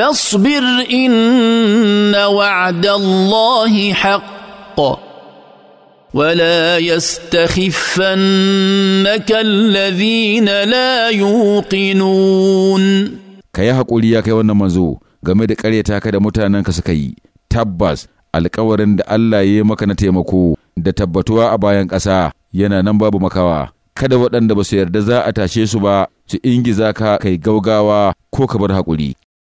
فاصبر ان وعد الله حق ولا يستخفنك الذين لا يوقنون كي حقولي يا كي wannan manzo game da ƙaryata ka da mutanenka suka yi tabbas alkawarin da Allah ya yi maka na taimako da tabbatuwa a bayan ƙasa yana nan babu makawa kada waɗanda ba su yarda za a tashe su ba su ingiza ka kai gaugawa ko ka bar haƙuri